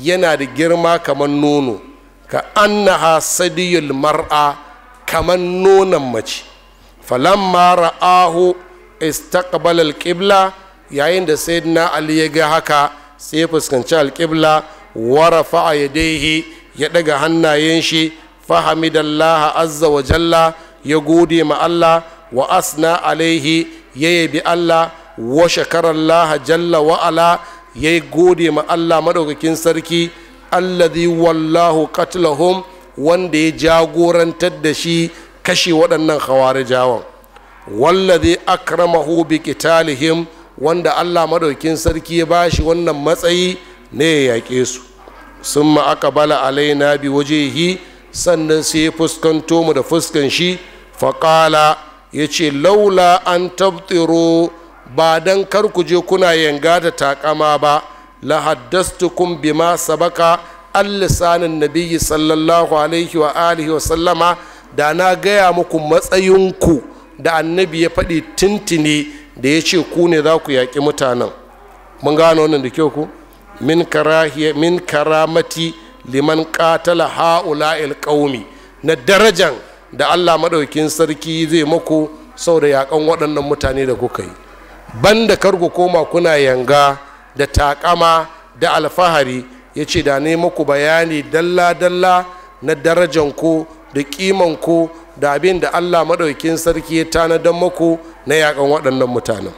yana da girma kamar nono ka annaha sadiyul mar'a kamar nonon mace falamma ra'ahu istaqbal alqibla yayin da sayyidina ali ya ga haka sai ya fuskanci alqibla wa rafa'a yadayhi ya daga hannayen shi fahamidallaha azza wa jalla ya gode ma Allah wa asna alaihi ya yabi Allah wa shakarallaha jalla wa ala ya gode ma Allah madaukakin sarki alladhi wallahu qatlahum wanda ya jagorantar da shi kashe waɗannan khawarijawan wallazi akramahu bi qitalihim wanda Allah madaukin sarki ya bashi wannan matsayi ne ya yaƙe su Sun summa aqbala alaina bi wajhihi sannan sai ya fuskanto mu da fuskan shi faqala yace laula an tabtiro ba dan kar ku je kuna yanga da takama ba la haddastukum bima sabaka allisanin nabiyyi sallallahu alaihi wa alihi wa sallama da na gaya muku matsayinku da annabi ya faɗi tintini da ya ce ku ne za ku yaƙi mutanen mun gano wannan da kyau ku min karahiya min karamati liman qatala haula qaumi na darajan da Allah madaukin sarki zai muku sau da yakan waɗannan mutane da kuka yi banda ku koma kuna yanga da takama da alfahari ya ce da ne maku bayani dalla-dalla na darajan ku da kiman ku da abin da allah maɗaukin sarki ya tanadan maku na yakan waɗannan mutanen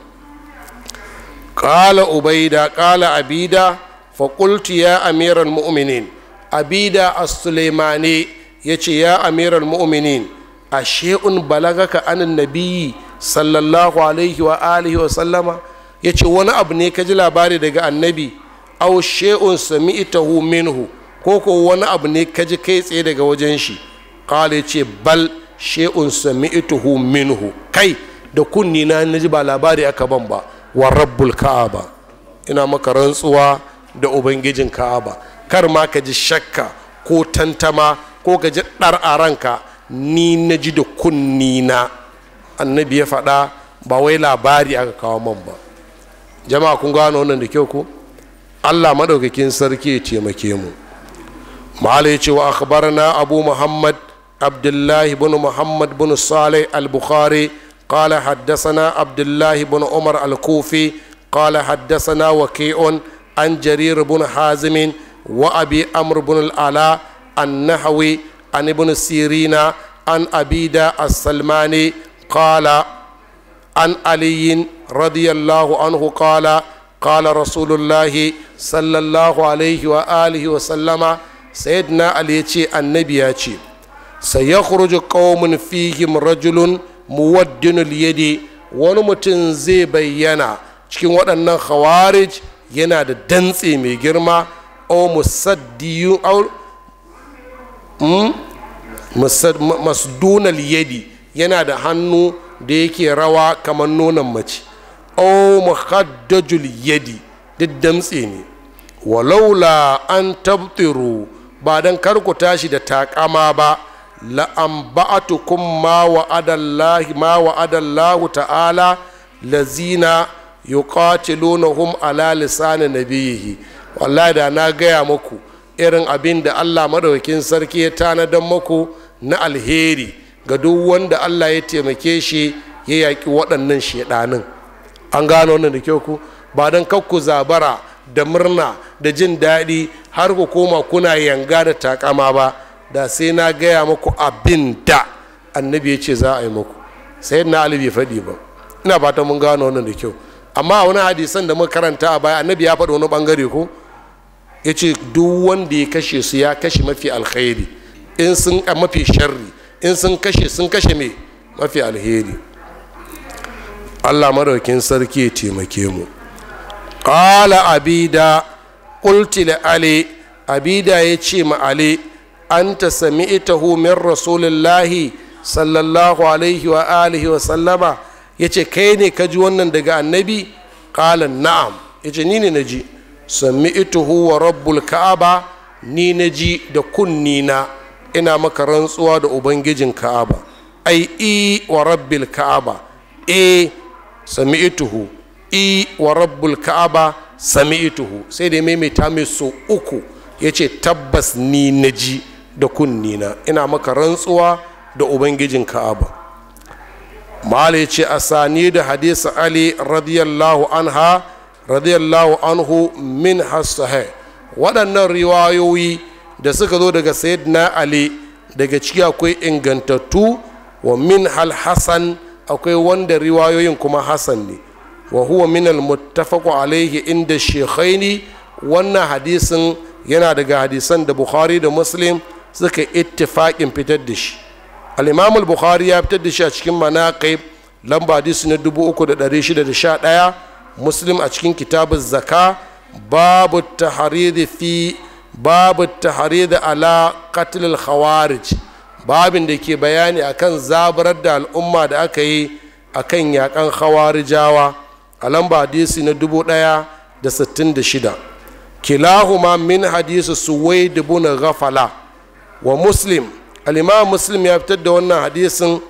ƙala ubaida ƙala abida faƙultu ya amiran mu'minin abida a sulaimani ya ce ya amiran mu'minin a she'un balagaka anin nabiyyi sallallahu alaihi wa alihi wa sallama ya ce wani abu ne ka ji labari daga annabi aw shay'un sami'tahu minhu ko ko wani abu ne kaji kai tsaye daga wajen shi qala yace bal shay'un sami'tahu minhu kai da kunni na naji ba labari aka ban ba wa rabbul ka'aba ina maka rantsuwa da ubangijin ka'aba kar ma ka ji shakka ko tantama ko ka ji dar a ranka ni naji da kunni na annabi ya faɗa ba wai labari aka kawo man ba jama'a kun gano wannan da kyau ko allah maɗaukakin sarki ya taimake mu mala ya ce wa akhbarna abu muhammad abdullahi bin muhammad bin salih al-bukhari قال حدثنا عبد الله بن عمر الكوفي قال حدثنا وكيع عن جرير بن حازم وأبي أمر بن العلاء النحوي عن ابن سيرين عن أبيدا السلماني قال عن علي رضي الله عنه قال qala rasulullahi sallallahu alaihi wa alihi wa sallama sayyidina ali yace annabi ya ce sayakhruju qaumun fihim rajulun muwaddinul yadi wani mutum zai bayyana cikin waɗannan khawarij yana da dantse mai girma au musaddiyu au yadi yana da hannu da yake rawa kamar nonon mace aw muhaddajul yadi duk damtse ne walaula an tabtiru ba dan kar ku tashi da takama ba la'an ba'atukum ma wa'adallahi ma wa'adallahu ta'ala lazina yuqatilunahum ala lisani nabiyihi wallahi da na gaya muku irin abin da Allah madaukakin sarki ya tanadan muku na alheri ga duk wanda Allah ya taimake shi ya yaƙi waɗannan shedanin an gano wannan da kyau ku ba don kakku zabara da murna da jin daɗi har ku koma kuna yanga da takama ba da sai na gaya muku abin da annabi ya ce za a yi muku sai na ali faɗi ba ina fata mun gano wannan da kyau amma wani hadisan da muka karanta a baya annabi ya faɗi wani bangare ko ya ce duk wanda ya kashe su ya kashe mafi alkhairi in sun mafi sharri in sun kashe sun kashe me mafi alheri allah maraukin sarki ya taimake mu ƙala abida ƙultila ali abida ya ce ma ali an ta sami ita min rasulullahi sallallahu alaihi wa alihi wa sallama ya ce kai ne ka ji wannan daga annabi ƙala na'am ya ce ni ne na ji sami ita wa rabbul ka'aba ni na ji da kunni na ina maka rantsuwa da ubangijin ka'aba ai wa rabbil ka'aba eh sami'tuhu i wa rabbul ka'aba sami'tuhu sai da maimaita mai so uku yace tabbas ni na ji da kunni na ina maka rantsuwa da ubangijin ka'aba mala yace asani da hadisi ali radiyallahu anha radiyallahu anhu min hasahe waɗannan riwayoyi da suka zo daga sayyidina ali daga ciki akwai ingantattu wa min hal hasan akwai wanda riwayoyin kuma Hassan ne wa huwa minal al-muttafaq alayhi inda shaykhaini wannan hadisin yana daga hadisan da bukhari da muslim suka ittifaqin fitar da shi al bukhari ya fitar da shi a cikin manaqib lamba hadisi na 3611 muslim a cikin kitabuz zaka babu tahrid fi babu ala qatl al-khawarij babin da ke bayani akan zabarar da al'umma da aka yi akan yakan hawarijawa a lamba hadisi na dubu ɗaya da sittin da shida kilahuma min hadisi suwaid ghafala wa muslim alima muslim ya fitar da wannan hadisin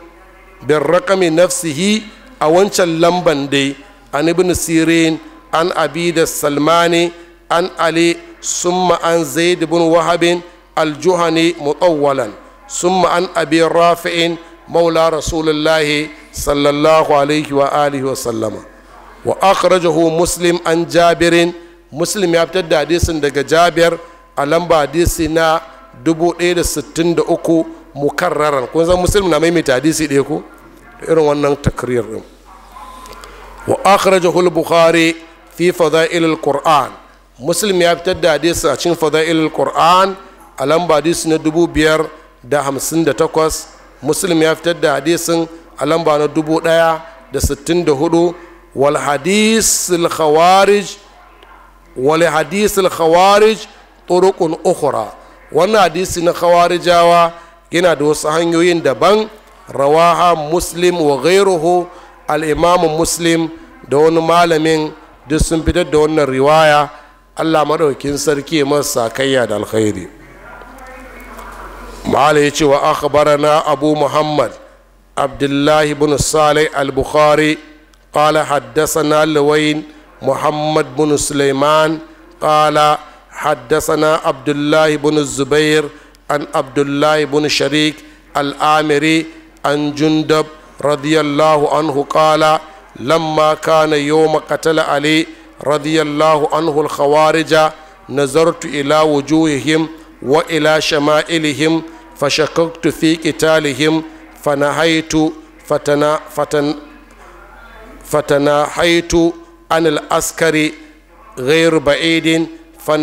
bin rakami nafsihi a wancan lamban dai an ibn sirin an abi da salmani an ali summa an zaid ibn wahabin aljuhani mutawwalan summa an abi rafi'in maula rasulullahi sallallahu alaihi wa alihi wa sallama wa akhrajahu muslim an jabirin muslim ya fitar da hadisin daga jabir a lamba hadisi na 1063 mukarraran kun san muslim na maimaita hadisi ɗaya ko irin wannan takrir din wa akhrajahu al-bukhari fi fada'il al-qur'an ya fitar da hadisi a cikin fada'il al-qur'an a lamba hadisi na biyar. da hamsin da takwas muslim ya fitar da hadisin a lamba na dubu ɗaya da sittin da hudu wal hadisul khawarij wal hadisul khawarij turukun ukhra wannan hadisi na khawarijawa yana da wasu hanyoyin daban rawaha muslim wa ghairuhu al-imamu muslim da wani malamin duk sun fitar da wannan riwaya allah maɗaukin sarki masa sakayya da alkhairi مالي ya أخبرنا أبو محمد عبد الله بن الصالح البخاري قال حدثنا لوين محمد بن سليمان قال حدثنا عبد الله بن الزبير عن عبد الله بن شريك الآمري عن جندب رضي الله عنه قال لما كان يوم قتل علي رضي الله عنه الخوارج نظرت إلى وجوههم wa ila shama'ilihim fa shakaktu fi qitalihim fa nahaitu fatana fatan fatana haitu an al-askari ghayru ba'idin fa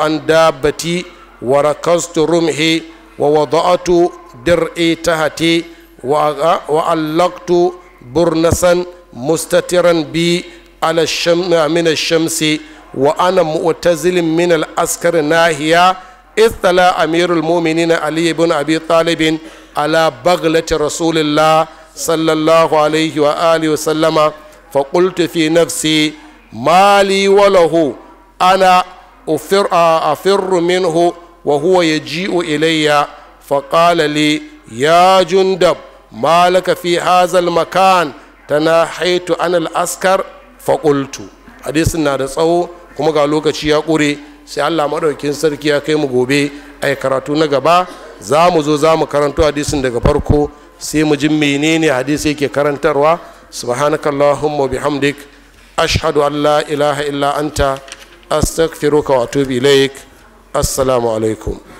an dabati wa rakastu rumhi wa wada'atu dir'i tahati wa wa allaqtu burnasan mustatiran bi ala shamma min ash-shamsi wa ana mu'tazilin min al-askari nahiya istala amirul mu'minin ali ibn abi talibin ala baglati rasulillah sallallahu alaihi wa alihi wa sallama fa qultu fi nafsi mali ana ufir afirru minhu wa huwa yaji'u ilayya fa qala li ya malaka fi hadha al makan tanahaitu an al askar fa qultu na da tsawo kuma ga lokaci ya ƙure sai allah maɗaukin sarki ya kai mu gobe a karatu na gaba za mu zo za mu karanto hadisin daga farko sai mu ji menene hadisi yake karantarwa subhanakallahumma bihamdik ashhadu an la ilaha illa anta astaghfiruka wa atubu ilaik assalamu alaikum